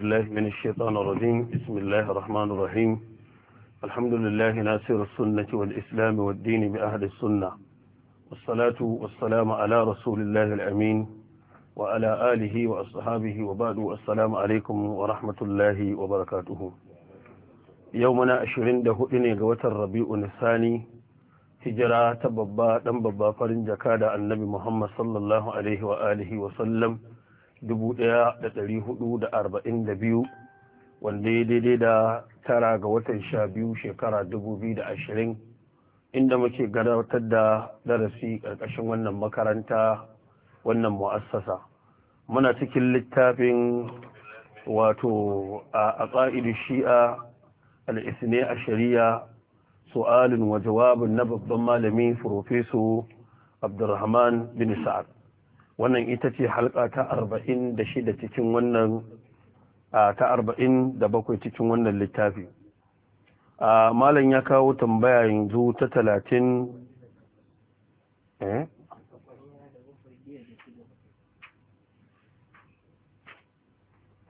الله من الشيطان الرجيم بسم الله الرحمن الرحيم الحمد لله ناصر السنة والإسلام والدين بأهل السنة والصلاة والسلام على رسول الله الأمين وعلى آله وأصحابه وبعد السلام عليكم ورحمة الله وبركاته يومنا أشرين دهؤني قوة الربيع الثاني هجرة ببا دم ببا فرنجكاد النبي محمد صلى الله عليه وآله وسلم biyu wanda ya daidai da tara ga watan sha biyu shekara ashirin inda muke gabatar da darasi ƙarƙashin wannan makaranta wannan mu'assasa muna cikin littafin wato a ƙa'idu shi'a al'isne a shari'a su'alin wa jawabin na babban malami furofeso abdulrahman bin sa'ad wannan ita ce halka ta arba'in da shida cikin wannan ta arba'in da bakwai cikin wannan littafi malam ya kawo tambaya yanzu ta talatin eh?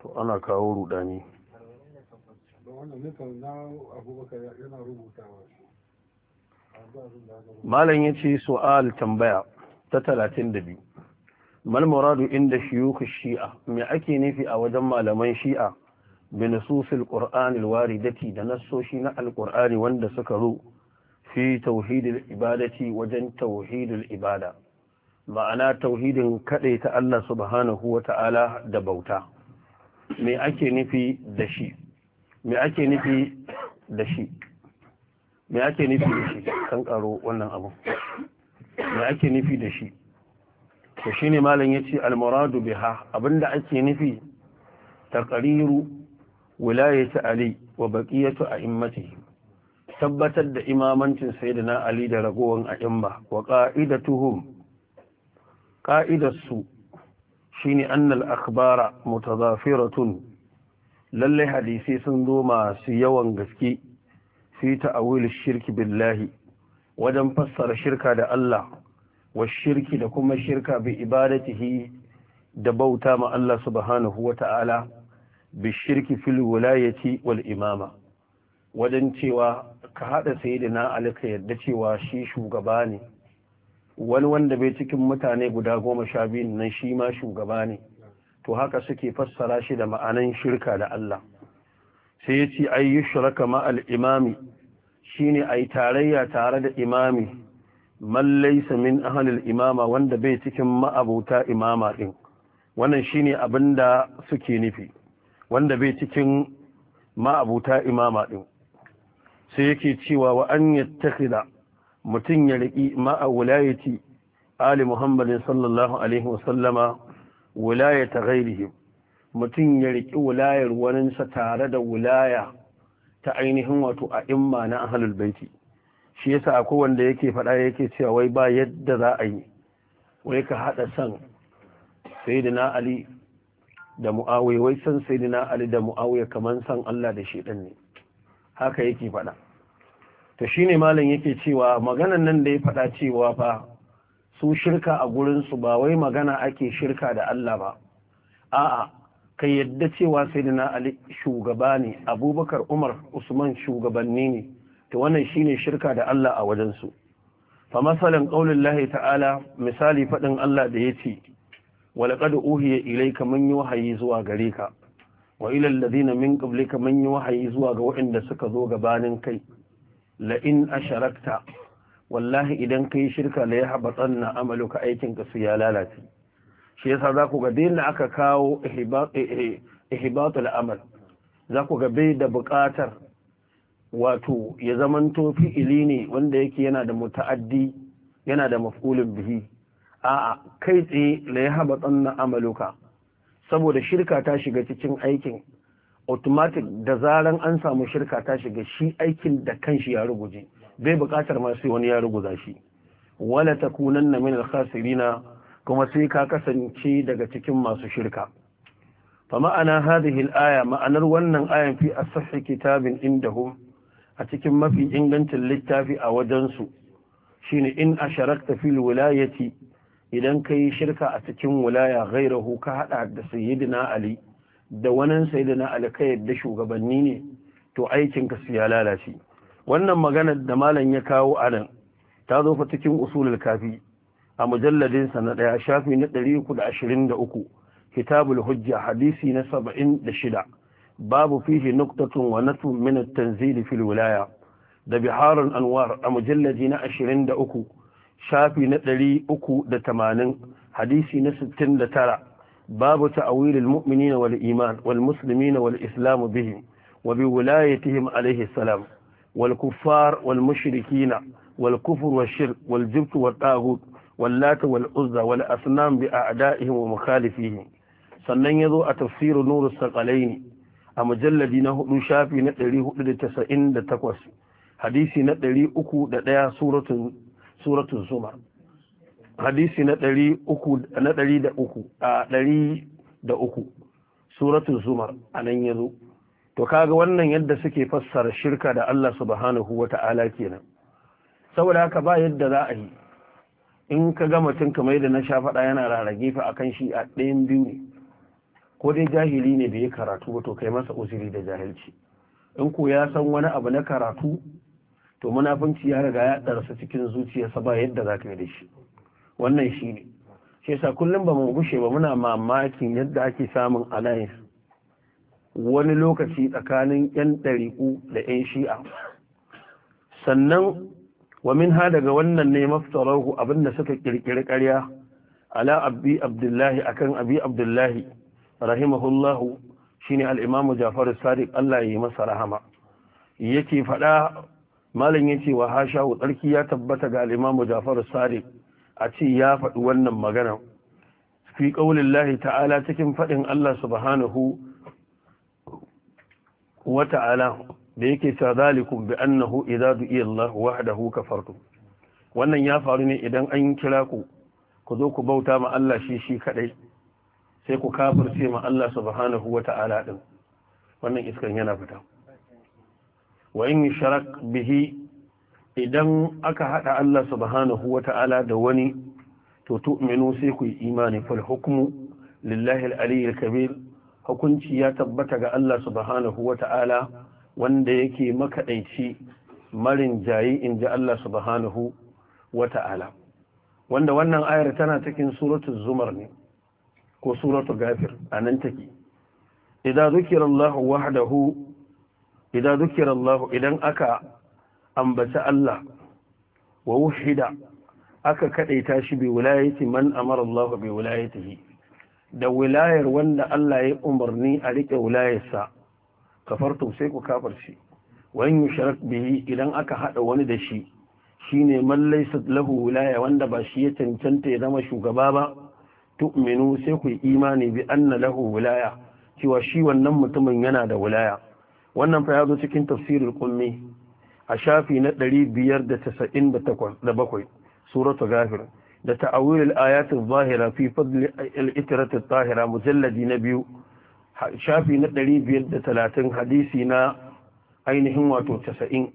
to ana kawo rudani malam ya ce su'al tambaya ta talatin da biyu mal muradu inda shiyukh shi'a me ake nufi a wajen malaman shi'a bi nususil qur'anil waridati da nassoshi na alqur'ani wanda suka zo fi tauhidil ibadati wajen tauhidil ibada ma'ana tauhidin kaɗai ta Allah subhanahu wa ta'ala da bauta me ake nufi da shi me ake nufi da shi me ake nufi da shi kan karo wannan abu me ake nufi da shi to shine malam yace al-muradu biha abinda ake nufi taqriru wilayati ali wa baqiyatu a'immatihi tabbatar da imamancin sayyidina ali da ragowan a'imma wa qa'idatuhum su shine annal akhbara mutazafiratun lalle hadisi sun zo masu yawan gaske fi ta'awil shirki billahi wajen fassara shirka da Allah wa shirki da kuma shirka bi ibadatihi da bauta ma Allah subhanahu wa ta'ala bi shirki fil wulayati wal imama wajen cewa ka haɗa sayyidina Ali ka yarda cewa shi shugaba ne wani wanda bai cikin mutane guda goma sha biyu nan shi ma shugaba ne to haka suke fassara shi da ma'anan shirka da Allah sai ya ce ai ma al imami shine ai tarayya tare da imami man laysa min imama wanda bai cikin ma'abuta imama din wannan shine da suke nufi wanda bai cikin ma'abuta imama din sai yake cewa wa an yattakhida mutum ya riƙi ma'a ali muhammadin sallallahu alaihi wa sallama wilayata ghairihim Mutum ya riƙi wilayar waninsa tare da wulaya ta ainihin wato imma na ahlul baiti shi yasa akwai wanda yake faɗa yake cewa wai ba yadda za a yi wai ka haɗa san sayyidina ali da mu'awiya wai san sayyidina ali da mu'awiya kamar san Allah da shedan ne haka yake faɗa to shine malam yake cewa maganan nan da ya faɗa cewa fa su shirka a gurin su ba wai magana ake shirka da Allah ba a'a ka yadda cewa sayyidina ali shugaba ne abubakar umar usman shugabanni ne to wannan shine shirka da Allah a wajen su fa masalan lahi ta'ala misali faɗin Allah da ya yace walaqad uhiya ilayka man wahayi zuwa gare ka wa ila alladhina min qablika yi wahayi zuwa ga waɗanda suka zo gabanin kai La'in a asharakta wallahi idan yi shirka la yahbatanna amaluka aikin ka su ya lalace shi yasa za ku ga dinna aka kawo ihibatul eh, eh, amal za ku ga bai da buƙatar wato ya zamanto fi'ili ne wanda yake yana da muta'addi yana da maf'ulin bihi a'a kai tsaye la ya haɓa tsanna amaluka saboda shirka ta shiga cikin aikin automatic da zaran an samu shirka ta shiga shi aikin da kanshi ya ruguje bai buƙatar ma sai wani ya ruguza shi wala takunanna min al-khasirina kuma sai ka kasance daga cikin masu shirka fa ma'ana hadhihi al-aya ma'anar wannan ayan fi as-sahih kitabin indahum a cikin mafi ingancin littafi a wajensu shine in a sharakta fil wilayati idan ka yi shirka a cikin wilaya gairahu ka haɗa da sayyidina ali da wanan sayyidina ali ka yadda shugabanni ne to aikinka su ya lalace wannan magana da malam ya kawo a nan ta zo fa cikin usulul kafi a mujalladin sa na daya shafi na 323 kitabul hujja hadisi na 76 babu fihi nuktatun wa nasu min at-tanzil fil wilaya da biharul anwar a mujalladi na uku, shafi na ɗari uku da tamanin, hadisi na sittin da tara, babu ta'awil al-mu'minina wal iman wal muslimina wal islam bihim wa bi wilayatihim alayhi salam wal kuffar wal mushrikina wal kufr wal shirk wal jibt wal taghut واللات والعزى wa بأعدائهم ومخالفهم sannan ya zo a tafsirin nuru ne. a mujalladi na hudu shafi na 498 hadisi na 301 suratun suratun zumar hadisi na 300 na 300 a uku suratun zumar nan yazo to kaga wannan yadda suke fassara shirka da Allah subhanahu wata'ala kenan saboda haka ba yadda za a yi in ka ga mutum kamar yadda na sha faɗa yana rarrage fa akan shi a ɗayan biyu ne ko dai jahili ne bai karatu ba to kai masa uzuri da jahilci in ko ya san wani abu na karatu to munafunci ya riga ya darasa cikin zuciyarsa ba yadda za ka yi da shi wannan shi ne shi yasa kullum ba mu gushe ba muna mamakin yadda ake samun alliance wani lokaci tsakanin yan ɗariƙu da yan shi'a sannan wa min ha daga wannan ne maftarahu abinda suka kirkiri karya? ala abi abdullahi akan abi abdullahi rahimahullahu shine al-imam Ja'far sadiq Allah ya yi masa rahama yake faɗa malam yace wa shahu tsarki ya tabbata ga al-imam Ja'far sadiq a ce ya faɗi wannan magana fi qaulillahi ta'ala cikin faɗin Allah subhanahu wa ta'ala da yake cewa zalikum bi annahu idza du'iya Allah wahdahu kafartum wannan ya faru ne idan an kira ku ku zo ku bauta ma Allah shi shi kadai sai ku kafirce ma Allah subhanahu ta'ala din wannan iskan yana fita wa in sharak bihi idan aka hada Allah subhanahu ta'ala da wani to tu'minu sai ku yi imani fal hukmu lillahi al kabir hukunci ya tabbata ga Allah subhanahu ta'ala wanda yake makaɗaici marin jayi inji Allah subhanahu wata'ala wanda wannan ayar tana cikin suratun zumar ne ko suratu gafir a nan take idan Allah wahdahu idan zukira Allah idan aka ambaci Allah wa wahida aka kadaita shi bi wilayati man amara Allah bi wilayatihi da wilayar wanda Allah ya umarni a rike wilayarsa kafar sai ku shi wayan yushrak bihi idan aka hada wani da shi shine man laysa lahu wilaya wanda ba shi ya cancanta ya zama shugaba ba tu'minu sai ku imani bi anna lahu wilaya cewa shi wannan mutumin yana da wilaya wannan fa yazo cikin tafsirul qummi a shafi na 597 suratul ghafir da ta'awil al-ayat adh-dhahira fi fadl al-itrat adh-dhahira mujalladi na biyu shafi na 530 hadisi na ainihin wato 90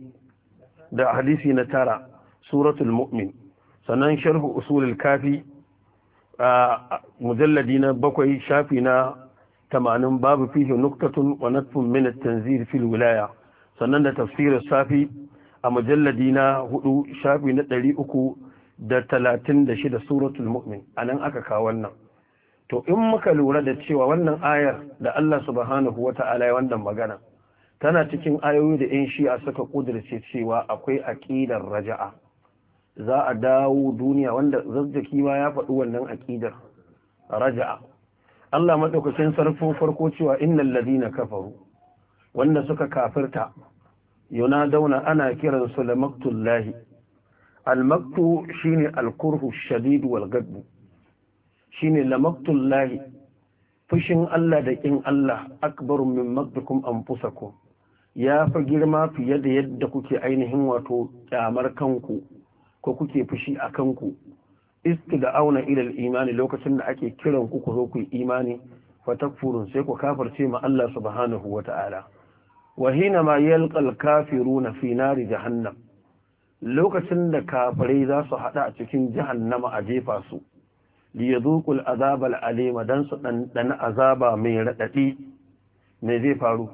da hadisi na tara suratul mu'min sannan sharh usul al-kafi mujalladi na bakwai shafi na tamanin babu fihi nuktatun wa natfun tanzir fil wilaya sannan da tafsirar safi a mujalladi na hudu shafi na ɗari uku da talatin da shida suratul mu'min a nan aka kawo wannan to in muka lura da cewa wannan ayar da Allah subhanahu wa ta'ala wannan magana tana cikin ayoyi da in shi'a suka kudirce cewa akwai aqidar raja'a za a dawo duniya wanda zazzaki ma ya faɗi wannan aƙidar raja'a Allah maɗaukacin sarfin farko cewa innal ladina kafaru wanda suka kafirta yuna dauna ana kiran su la maktullahi al maktu shine al kurhu shadid wal gadbu shine la maktullahi fushin Allah da kin Allah akbaru min maktukum anfusakum ya fi girma fiye da yadda kuke ainihin wato kyamar kanku ko kuke fushi a kanku istu da auna ilal imani lokacin da ake kiran ku ku zo ku yi imani fatakfurun sai ku kafirce ma Allah subhanahu wa ta'ala wa hina ma yalqal kafiruna fi nari jahannam lokacin da kafirai za su hada a cikin jahannama a jefa su li yadhuqul azabal alima dan su dan azaba mai radadi me zai faru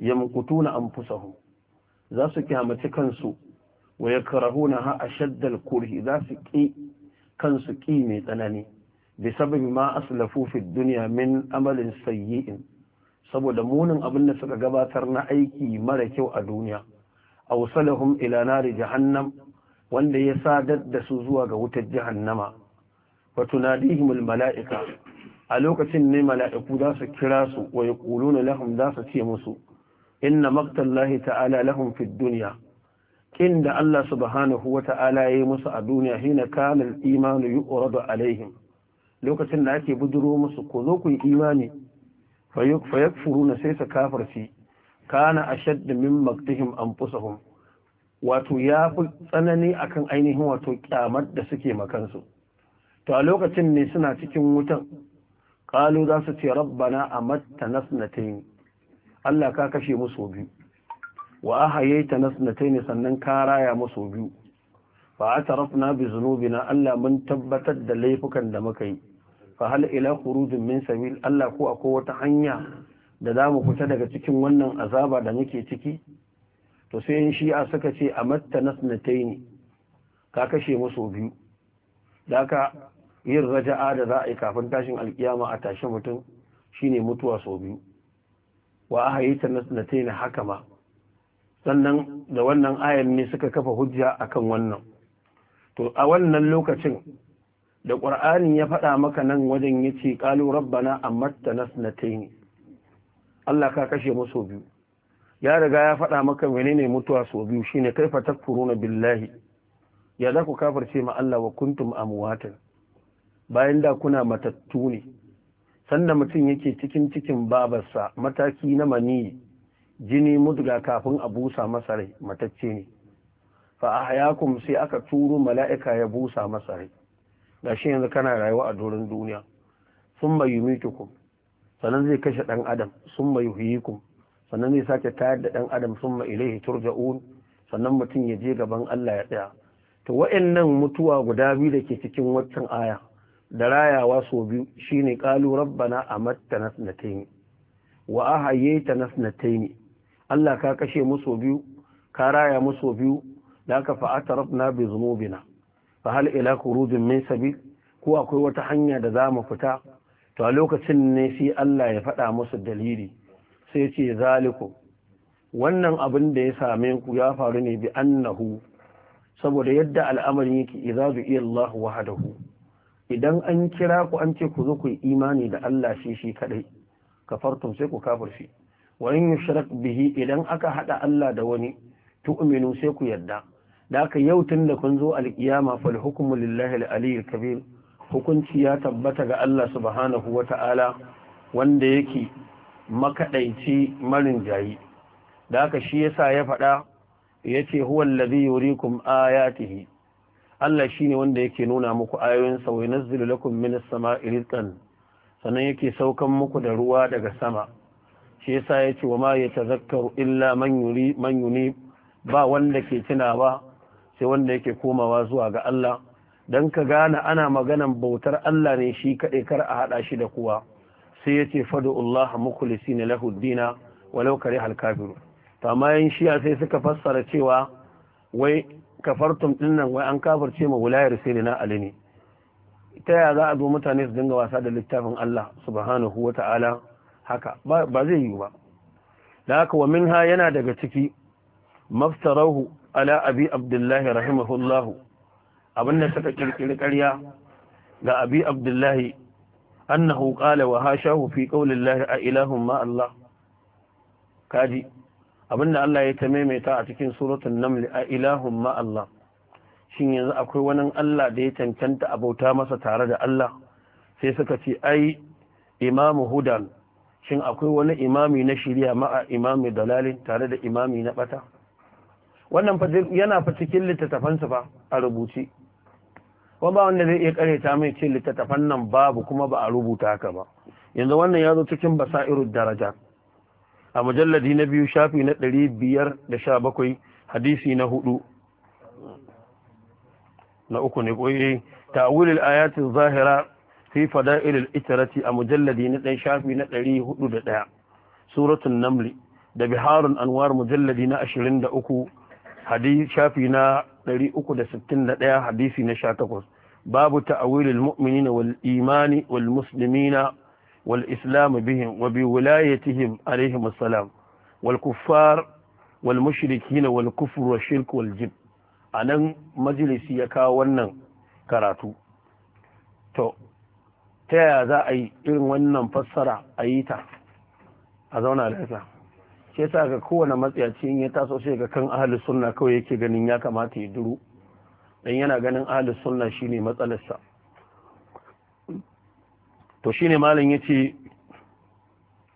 yamqutuna anfusahum za su kiyamaci kansu wa ha a shaddar kurhi za su ki kansu ƙi mai tsanani bi sababi ma aslafu fi duniya min amalin sayyi'in saboda munin abin da suka gabatar na aiki mara kyau a duniya awsalahum ila nari jahannam wanda ya sadar da su zuwa ga wutar jahannama wa tunadihim malaika a lokacin ne mala'iku za su kira su wa yaquluna lahum za su ce musu inna maktallahi ta'ala lahum fid duniya. kin da Allah subhanahu wa ta'ala ya yi musu a duniya hina kana imanu yu'radu alaihim lokacin da ake buduro musu ko zo ku yi imani fa na sai su kafirci kana ashadd min maktihim anfusahum wato ya fi tsanani akan ainihin wato kyamar da suke makansu to a lokacin ne suna cikin wutan kalu za su ce rabbana amatta nasnatain Allah ka kashe mu sau biyu wa ahayaita nasnatayn sannan ka raya musu biyu fa atarafna bi zunubina Allah mun tabbatar da laifukan da muka yi fa hal ila khurujin min sabil Allah ko akwai wata hanya da za mu fita daga cikin wannan azaba da muke ciki to sai in a suka ce a matta nasnatayn ka kashe musu biyu daka yin raja'a da za a yi kafin tashin alkiyama a tashi mutum shine mutuwa sau biyu wa ahayaita haka hakama sannan da wannan ayan ne suka kafa hujja akan wannan to a wannan lokacin da ƙur'ani ya faɗa maka nan wajen yace qalu rabbana amatta nasnatayn Allah ka kashe mu so biyu ya riga ya faɗa maka menene mutuwa sau biyu shine kai fa takfuruna billahi ya za ku kafirce ma Allah wa kuntum amwatan bayan da kuna matattu ne sanda mutum yake cikin cikin babarsa mataki na maniyi. jini mudga kafin a busa masa rai matacce ne fa hayakum sai aka turo mala'ika ya busa masa rai gashi yanzu kana rayuwa a doron duniya summa yumitukum sannan zai kashe dan adam summa yuhyikum sannan zai sake tayar da dan adam summa ilaihi turja'un sannan mutum ya je gaban Allah ya tsaya to wayannan mutuwa guda biyu da ke cikin waccan aya da rayawa sau biyu shine qalu rabbana amattana sanatayn wa ahayaitana sanatayn Allah ka kashe musu biyu ka raya musu biyu da aka fa'atarafna bi zunubina fa hal ila khurujin min sabi ko akwai wata hanya da za mu fita to a lokacin ne sai Allah ya faɗa musu dalili sai ce zaliku wannan abin da ya same ku ya faru ne bi annahu saboda yadda al'amarin yake idza bi illahu wahdahu idan an kira ku an ce ku zo ku yi imani da Allah shi shi kadai kafartum sai ku kafirci wa in yushrak bihi idan aka hada Allah da wani tu'minu sai ku yarda da aka yau tun da kun zo alkiyama fal hukmu lillahi al kabir hukunci ya tabbata ga Allah subhanahu ta'ala wanda yake makadaici marin jayi da aka shi yasa ya faɗa yace huwa allazi yuriikum ayatihi Allah shine wanda yake nuna muku ayoyinsa wa yunazzilu lakum minas sama'i rizqan sannan yake saukan muku da ruwa daga sama shi yasa ya ce wa ma ya tazakkaru illa man yuri man yuni ba wanda ke tunawa sai wanda yake komawa zuwa ga Allah dan ka gane ana maganan bautar Allah ne shi kaɗai kar a hada shi da kowa sai ya ce fadu'ullaha mukhlisina lahu dina walau kariha kafiru to amma yan shiya sai suka fassara cewa wai kafartum dinnan wai an kafirce ma wulayar sirina ali ne ta yaya za a zo mutane su dinga wasa da littafin Allah subhanahu wata'ala haka ba zai yi ba da haka wa minha yana daga ciki mafsarahu ala abi abdullahi rahimahullahu abinda suka kirkiri ƙarya ga abi abdullahi annahu qala wa hashahu fi qaulillahi a ilahun ma Allah kaji abinda Allah ya ta maimaita a cikin suratul naml a ilahun ma Allah shin yanzu akwai wani Allah da ya cancanta abauta masa tare da Allah sai suka ce ai imamu hudan shin akwai wani imami na shirya ma'a imami dalalin tare da imami na bata wannan yana fa cikin littattafansa fa a rubuce Ko ba wanda zai iya kareta mai ce littattafan nan babu kuma ba a rubuta haka ba yanzu wannan ya zo cikin basairu daraja a mujalladi na biyu shafi na ɗari da sha hadisi na hudu na uku ne koyi ta'wilul ayatin zahira fi fada'ilul itarati a mujalladi na ɗan shafi na ɗari hudu da ɗaya suratun namli da biharun anwar mujalladi na ashirin da uku shafi na ɗari uku da sittin da ɗaya hadisi na sha takwas babu ta'awilul mu'minina wal imani wal muslimina wal islam bihim wa bi wilayatihim alaihim assalam wal kuffar wal mushrikin wal kufr wa shirk wal jin anan majalisi ya kawo wannan karatu to ta yaya za a yi irin wannan fassara a yi ta a zauna da lafiya shi sa ga kowane matsayaci in ya taso sai ga kan ahli sunna kawai yake ganin ya kamata ya duru dan yana ganin ahli sunna shine matsalarsa to shine malam yace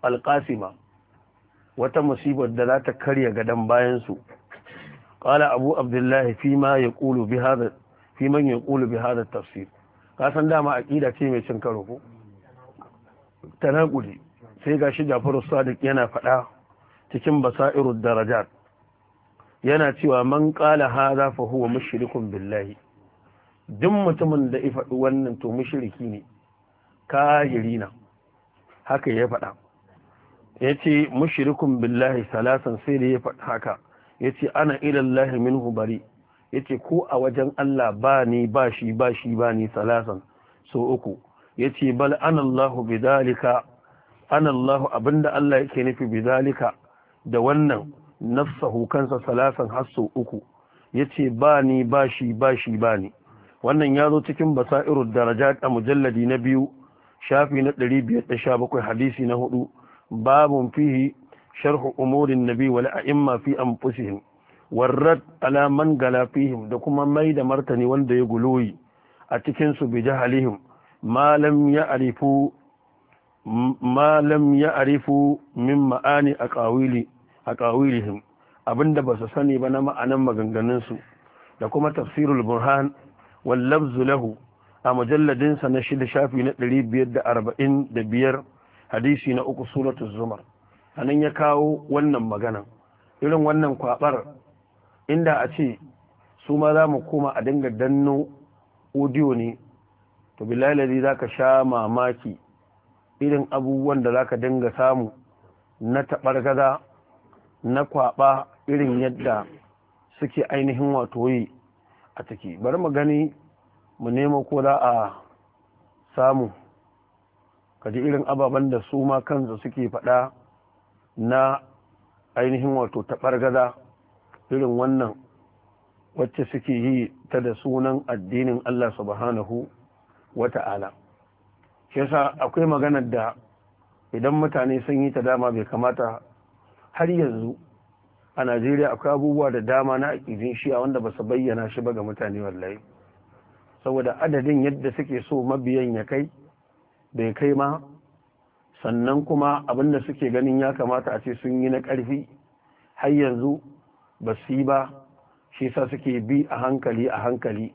alqasima wata musibar da za ta karya gadan bayan su qala abu abdullahi fi man yaqulu bi hadha bi hada tafsir ka san dama aƙida ce mai cin karo ko tanakuli sai gashi Jafaru Sadiq yana faɗa cikin basa'iru darajat yana cewa man qala hadha fa huwa mushrikun billahi duk mutumin da ya faɗi wannan to mushriki ne kahirina haka ya faɗa yace mushrikun billahi salasan sai da ya faɗa haka yace ana ila minhu bari yace ko a wajen Allah ba ni ba shi ba shi ba ni salasan so uku yace bal anallahu bidalika anallahu abinda Allah yake nufi bidalika da wannan nafsahu kansa salasan har so uku yace ba ni ba shi ba shi ba ni wannan ya zo cikin basairu daraja a mujalladi na biyu shafi na 517 hadisi na hudu babun fihi sharhu umurin nabi wal a'imma fi anfusihim warrat alaman man da kuma mai da martani wanda ya guloyi a cikin su bi jahalihim ma lam ya arifu ya arifu min ma'ani aqawili aqawilihim abinda ba su sani ba na ma'anan maganganunsu su da kuma tafsirul burhan wal lahu a mujalladin sa na shida shafi na 545 hadisi na uku suratul zumar anan ya kawo wannan magana irin wannan kwabar inda a ce su ma za mu koma a dinga danno audio ne to bilalari za ka sha mamaki irin abubuwan da za ka dinga samu na taɓar gaza na kwaɓa irin yadda suke ainihin wato yi a ciki bari mu gani mu nemo ko za a samu kaji irin ababen da su ma kansu suke faɗa na ainihin wato taɓar gaza. irin wannan wacce suke yi ta da sunan addinin Allah subhanahu wa ta'ala shi akwai maganar da idan mutane sun yi ta dama bai kamata har yanzu a Najeriya akwai abubuwa da dama na aƙidin shi'a wanda ba su bayyana shi ba ga mutane wallahi saboda adadin yadda suke so mabiyan ya kai bai kai ma sannan kuma abinda suke ganin ya kamata a ce sun yi na ƙarfi har yanzu ba su yi ba shi sa suke bi a hankali a hankali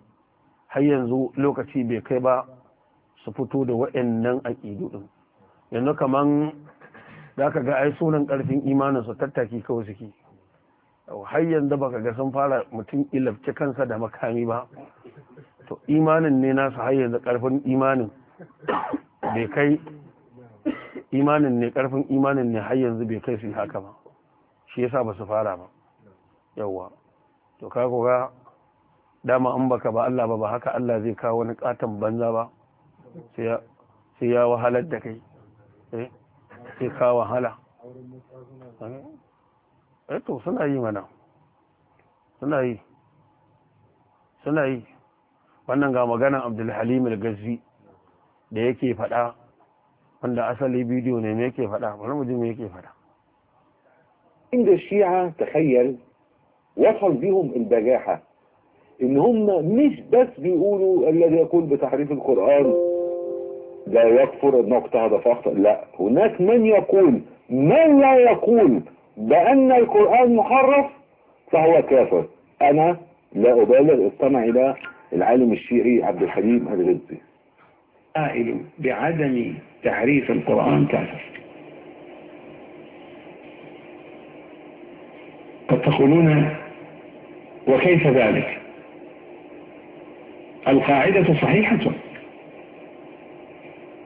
har yanzu lokaci bai kai ba su fito da waɗannan aƙidu ɗin yanzu kaman za ka ga ai sunan ƙarfin imanin su tattaki kawai suke har yanzu baka ga sun fara mutum ilabci kansa da makami ba to imanin ne nasu har yanzu ƙarfin imanin bai kai imanin ne ƙarfin imanin ne har yanzu bai kai su haka ba shi yasa ba su fara ba yawwa to ka ga dama an baka ba Allah ba ba haka Allah zai kawo wani katon banza ba sai ya wahalar da kai eh, sai ka wahala eh to suna yi mana suna yi suna yi wannan ga maganan abdulhalim al-gazzi da yake faɗa wanda asali bidiyo ne me yake faɗa bari mu ji me yake faɗa inda shi'a takhayyal وصل بيهم البجاحة ان هم مش بس بيقولوا الذي يقول بتحريف القرآن لا يكفر ان اقتهد فاخطأ لا هناك من يقول من لا يقول بان القرآن محرف فهو كافر انا لا ابالغ استمع الى العالم الشيعي عبد الحليم الغزي قائل بعدم تحريف القرآن كافر قد تقولون وكيف ذلك القاعدة صحيحة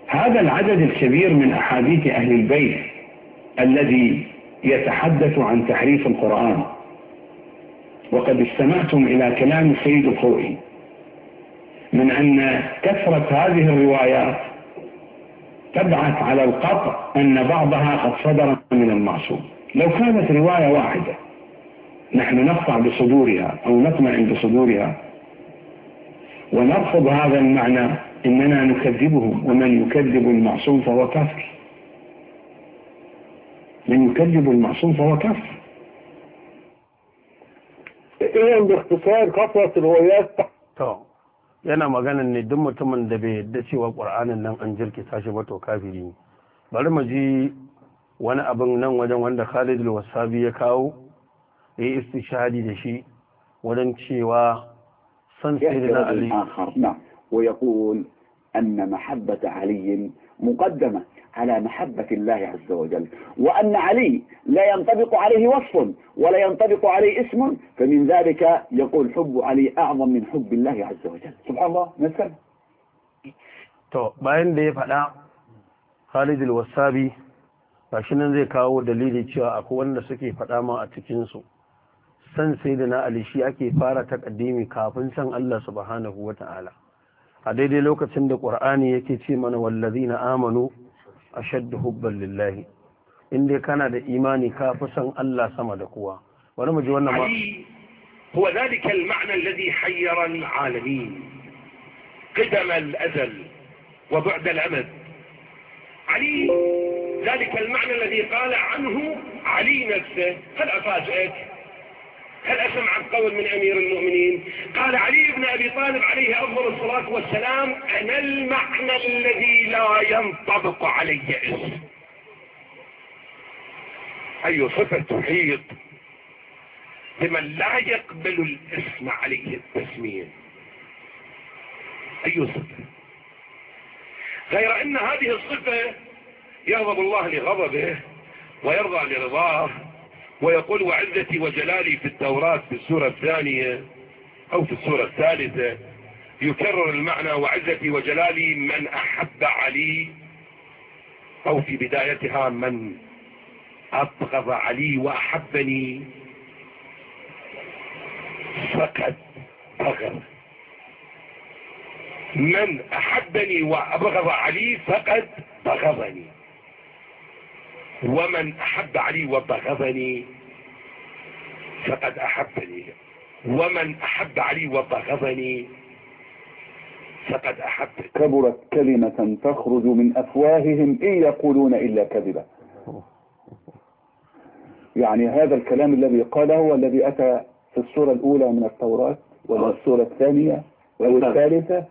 هذا العدد الكبير من أحاديث أهل البيت الذي يتحدث عن تحريف القرآن وقد استمعتم إلى كلام سيد الخوئي من أن كثرة هذه الروايات تبعث على القطع أن بعضها قد صدر من المعصوم لو كانت رواية واحدة نحن نقطع بصدورها أو نطمئن بصدورها ونرفض هذا المعنى إننا نكذبهم ومن يكذب المعصوم فهو كافر من يكذب المعصوم فهو كافر ايه باختصار قطرة الروايات تمام أنا ما قال إن دم تمن دبي دسي والقرآن إن أنجل كتاب وكافرين بعد ما جي وأنا أبن نم وجن خالد الوسابي يكاو ya yi istishadi da shi wajen cewa san sayyidina ali ويقول أن محبة علي مقدمة على محبة الله عز وجل وأن علي لا ينطبق عليه وصف ولا ينطبق عليه اسم فمن ذلك يقول حب علي أعظم من حب الله عز وجل سبحان الله نسأل to bayan da ya faɗa Khalid al-Wasabi gashi nan zai kawo dalili cewa akwai wanda suke faɗa ma a cikin su san sayyidina ali shi ake fara takaddimi kafin san Allah subhanahu wata'ala a daidai lokacin da qur'ani yake ce mana wallazina amanu ashaddu hubban lillahi inda kana da imani ka fi san Allah sama da kowa bari mu ji wannan ma هو ذلك المعنى الذي حير العالمين قدم الأزل وبعد الأمد علي ذلك المعنى الذي قال عنه علي نفسه هل أفاجئك هل أسمع القول من أمير المؤمنين قال علي بن أبي طالب عليه أفضل الصلاة والسلام أنا المعنى الذي لا ينطبق علي اسم أي صفة تحيط بمن لا يقبل الاسم عليه التسمية أي صفة غير أن هذه الصفة يغضب الله لغضبه ويرضى لرضاه ويقول وعزتي وجلالي في التوراة في السورة الثانية أو في السورة الثالثة يكرر المعنى وعزتي وجلالي من أحب علي أو في بدايتها من أبغض علي وأحبني فقد بغض من أحبني وأبغض علي فقد بغضني ومن أحب علي وبغضني فقد أحبني ومن أحب علي وبغضني فقد أحبني كبرت كلمة تخرج من أفواههم إن يقولون إلا كذبا يعني هذا الكلام الذي قاله والذي أتى في السورة الأولى من التوراة ولا السورة الثانية أو الثالثة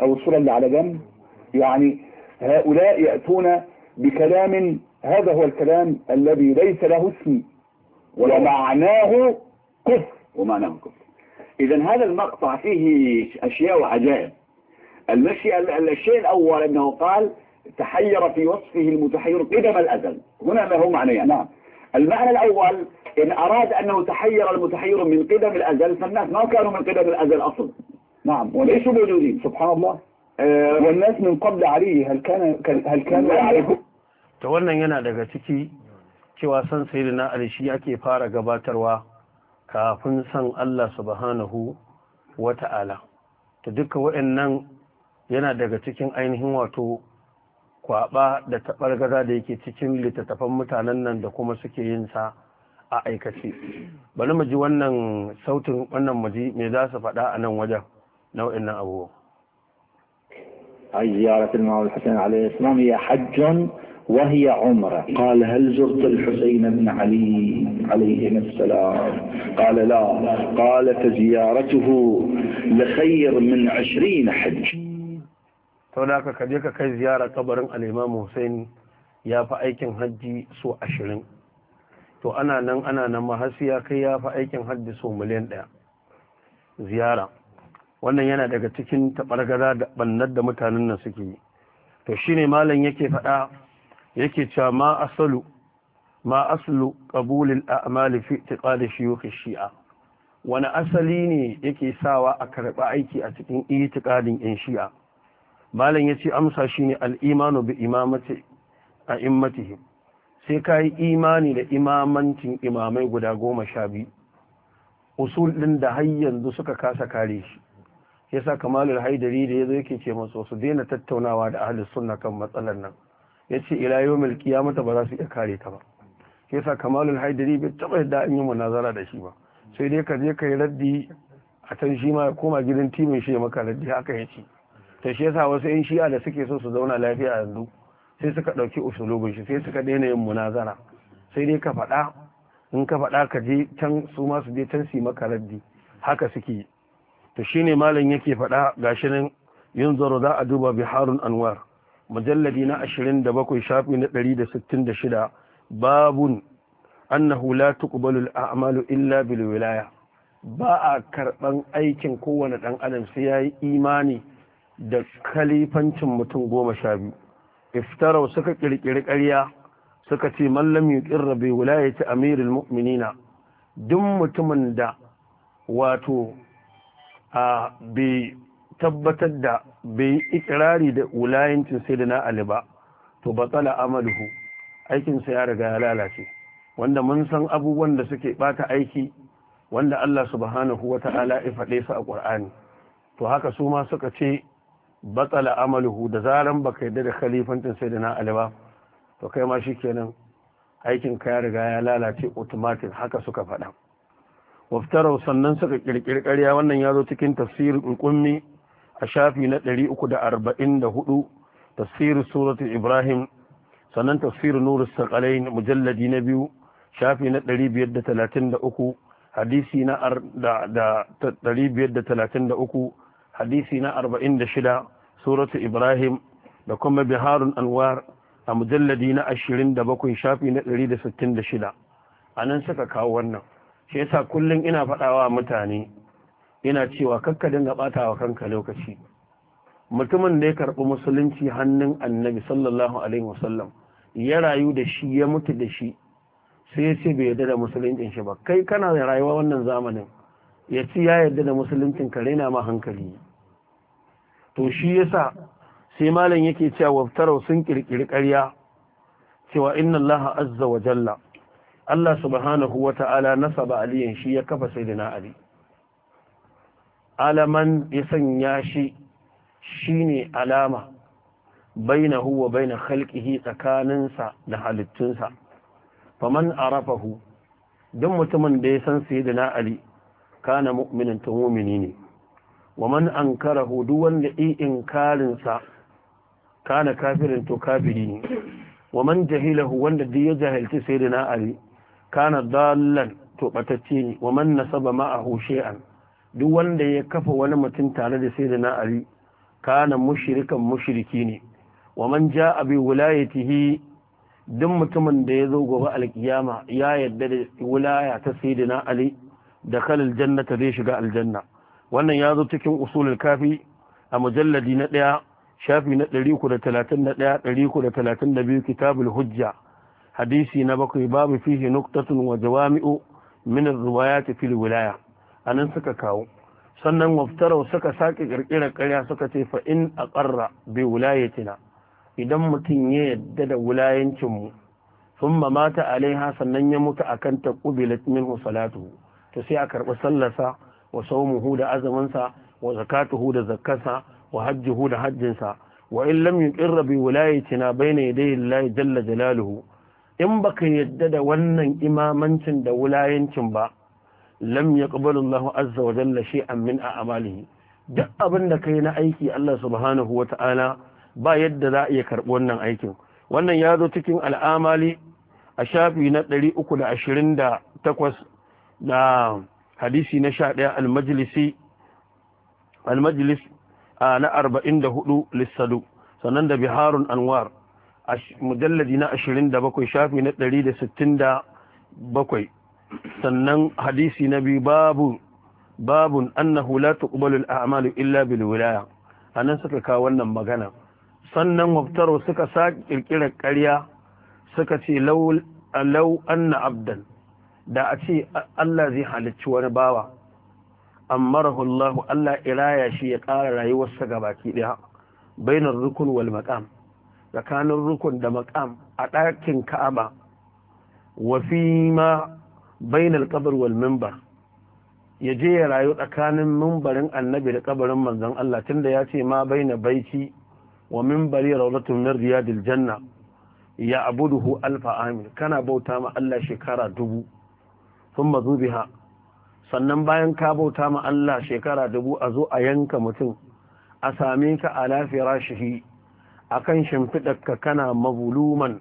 أو السورة اللي على جنب يعني هؤلاء يأتون بكلام هذا هو الكلام الذي ليس له اسم ومعناه كفر ومعناه كفر إذا هذا المقطع فيه أشياء وعجائب المشي الشيء الأول أنه قال تحير في وصفه المتحير قدم الأزل هنا ما هو معنى يعني؟ نعم المعنى الأول إن أراد أنه تحير المتحير من قدم الأزل فالناس ما كانوا من قدم الأزل أصلا نعم وليسوا موجودين سبحان الله آه. والناس من قبل عليه هل كان هل كانوا يعرفون ta wannan yana daga ciki cewa san sayyidina na shi ake fara gabatarwa kafin san Allah subhanahu wa ta'ala ta duka waɗannan yana daga cikin ainihin wato kwaba da gaza da yake cikin littattafan mutanen nan da kuma suke yin sa a aikace bari mu ji wannan sautin wannan muji me za su faɗa a nan wajen nau'in nan abubuwa. Hajji ya rasu Hassan alaihi ya hajjon وهي عمرة قال هل زرت الحسين بن علي عليهما السلام قال لا قال فزيارته لخير من عشرين حج تولاك كذلك كي زيارة قبر الإمام حسين يا فأيكن حجي سو عشرين to ana nan ana nan mahasiya kai ya fi aikin hajji so miliyan ɗaya ziyara wannan yana daga cikin taɓargaza da bannar da mutanen nan suke to shine malam yake faɗa yake cewa ma asalu ma aslu qabulil a'mal fi i'tiqad shuyukh shi'a wani asali ne yake sawa a karɓi aiki a cikin i'tiqadin yan shi'a malam yace amsa shine al-imanu bi imamati a'immatihim sai ka imani da imamancin imamai guda goma sha biyu usul ɗin da har yanzu suka kasa kare shi yasa kamalul haidari da yazo yake ce masu su daina tattaunawa da ahlus sunna kan matsalar nan ya ce ila yau milki ya mata ba za su iya kare ta ba ke sa kamalul haidari bai taba yadda an yi munazara da shi ba sai dai ka je ka yi raddi a can shi ma koma gidan timin shi ya maka raddi haka ya ci ta shi yasa wasu yan shi'a da suke so su zauna lafiya yanzu sai suka ɗauki usulubin shi sai suka daina yin munazara sai dai ka faɗa in ka faɗa ka je can su ma su je can su yi maka raddi haka suke yi to shine malam yake faɗa gashi nan zoro za a duba biharun anwar mujalladi na 27 shafi na 166 babun annahu la tuqbalu amalu illa bil wilaya ba a karban aikin kowane dan adam sai yayi imani da kalifancin mutum goma sha biyu iftarau suka kirkiri ƙarya suka ce mallam yuqirra bi wilayati amiril mu'minina duk mutumin da wato a bi tabbatar da bai ikirari da wulayancin sai da na Ali ba to batsala amaluhu aikinsa ya riga ya lalace wanda mun san abubuwan da suke bata aiki wanda Allah subhanahu wataala ya faɗe su a Qur'ani to haka su ma suka ce batsala amaluhu da zaran baka yarda da khalifancin sai da na Ali ba to kai ma shikenan aikin ka ya riga ya lalace automatic haka suka faɗa waftarau sannan suka kirkiri ƙarya wannan ya zo cikin tafsirin ƙummi a shafi na 344 tafsirin suratu ibrahim sannan tafsirin nuru sakalai mujalladi na biyu shafi na 533 hadisi na 533 hadisi na 46 suratu ibrahim da kuma biharun anwar a mujalladi na 27 shafi na 166 a nan suka kawo wannan shi yasa kullum ina faɗawa mutane yana cewa ka dinga bata wa kanka lokaci mutumin da ya karɓi musulunci hannun annabi sallallahu alaihi wasallam ya rayu da shi ya mutu da shi sai ya ce bai yarda da musuluncin shi ba kai kana da rayuwa wannan zamanin ya ci ya yarda da musuluncin ka raina ma hankali to shi yasa sai malam yake cewa waftarau sun kirkiri ƙarya cewa inna Allah azza wa jalla Allah subhanahu wa ta'ala nasaba aliyan shi ya kafa sayyidina Ali alaman ya sanya shi shine alama huwa bai na halƙihi tsakaninsa da halittunsa faman arafahu don mutumin da ya san da na'ali kana mu'minin ta mu'mini ne wa man kara hudu wanda yi karinsa kana kafirin to kafiri ne wa man jahilahu wanda duk ya jahilci sai da na'ali kana dalilan to ɓatacce ne wa man nasaba ma'ahu shi'an duk wanda ya kafa wani mutum tare da sai da na kana mushirikan mushiriki ne wa man ja abi wulayatihi duk mutumin da ya zo gobe alkiyama ya yadda da wulaya ta sai da na ali da kalal jannata zai shiga aljanna wannan ya zo cikin usulul kafi a mujalladi na ɗaya shafi na 331 332 kitabul hujja hadisi na bakwai babu fihi nuktatun wa jawami'u min ar-riwayat fil wilaya a nan suka kawo sannan waftarau suka sake ƙirƙirar ƙarya suka ce fa in a ƙarra bai wulayatina idan mutum ya yadda da wulayancinmu sun mamata alaiha sannan ya mutu a kan ta ƙubilat minhu salatu to sai a karɓi sallarsa wa saumuhu da azaminsa wa zakatuhu da zakkarsa wa hajjuhu da hajjinsa wa in lam yuqirra bi wulayatina bayna yadayi Allah jalla jalaluhu in baka yadda da wannan imamancin da wulayancin ba lam yaqbalu Allahu azza wa jalla shay'an min a'malihi duk abin da kai na aiki Allah subhanahu wa ta'ala ba yadda za a iya karbi wannan aikin wannan ya zo cikin al'amali a shafi na 328 da hadisi na 11 al-majlisi al-majlis na 44 lissadu sannan da biharun anwar mujalladi na 27 shafi na 167 sannan hadisi na biyu babu babun annahu la tuqbalu al-a'malu illa bil wilaya anan suka kawo wannan magana sannan waftaro suka sa kirkirar ƙarya suka ce law law anna abdan da a ce Allah zai halicci wani bawa amarahu Allah Allah iraya shi ya ƙara rayuwarsa gabaki daya bainar rukun wal maqam tsakanin rukun da maqam a ɗakin Ka'aba wa fi ma bainal qabr wal ya je ya rayu tsakanin mimbarin annabi da kabarin manzon Allah tunda ya ce ma baina baici wa mimbari rawlatun min riyadil janna ya abuduhu alfa amin kana bauta ma Allah shekara dubu thumma zubiha sannan bayan ka bauta ma Allah shekara dubu a zo a yanka mutum a same ka a lafira shihi akan shimfidarka kana mabuluman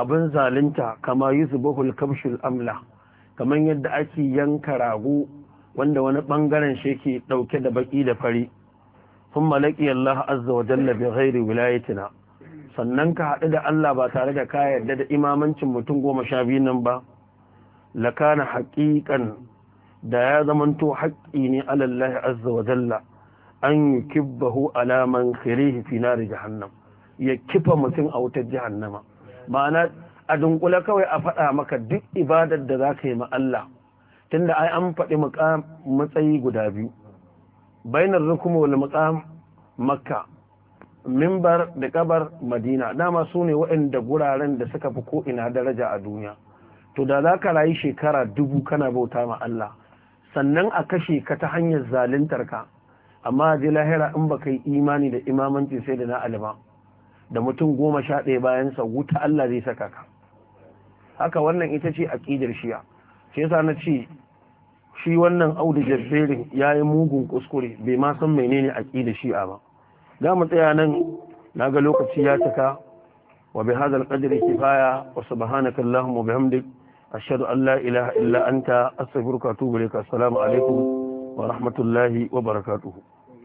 abin zalunta kama yusbahul kabshul amla kamar yadda ake yanka rago wanda wani bangaren shi ke dauke da baki da fari sun malaki Allah azza wa jalla bi ghairi wilayatina sannan ka haɗu da Allah ba tare da ka yarda da imamancin mutum goma sha biyu nan ba lakana haƙiƙan da ya zamanto haƙƙi ne alallahi azza wa jalla an yi kibbahu alaman khirihi fi nari jahannam ya kifa mutum a wutar jahannama ma'ana a dunkule kawai a faɗa maka duk ibadar da za ka yi ma Allah tunda ai an faɗi matsayi guda biyu bainar rukumo da matsayin makka mimbar da kabar madina dama su ne waɗanda guraren da suka fi ko'ina daraja a duniya to da za ka rayu shekara dubu kana bauta ma Allah sannan a kashe ka ta hanyar zaluntar ka amma a lahira in baka yi imani da imamanci sai da na alima da mutum goma sha ɗaya bayan bayansa wuta Allah zai saka ka haka wannan ita ce aƙidar shiya shi yasa na ce shi wannan audu jabberin ya yi mugun kuskure bai ma san menene aƙidar shi'a ba za mu tsaya nan na ga lokaci ya cika wa bi hadal qadri kifaya wa subhanaka allahumma bihamdik ashhadu an la ilaha illa anta astaghfiruka wa atubu ilaik assalamu alaikum wa rahmatullahi wa barakatuh